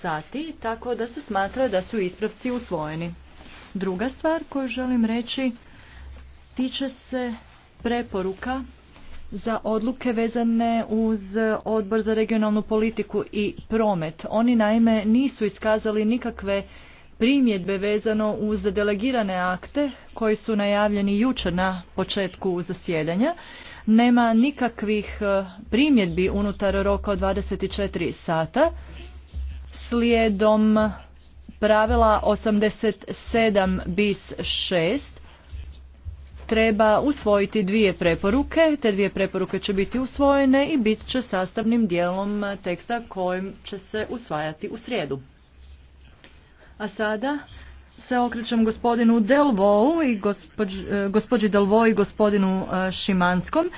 sati, tako da se smatra da su ispravci usvojeni. Druga stvar koju želim reći tiče se preporuka za odluke vezane uz odbor za regionalnu politiku i promet. Oni naime nisu iskazali nikakve primjedbe vezano uz delegirane akte koji su najavljeni jučer na početku zasjedanja. Nema nikakvih eh, primjedbi unutar roka od 24 sata slijedom pravila 87 bis 6 treba usvojiti dvije preporuke. Te dvije preporuke će biti usvojene i bit će sastavnim dijelom teksta kojim će se usvajati u srijedu. A sada se okrećem gospodinu Delvou i eh, gospođi, gospođi i gospodinu eh, Šimanskom.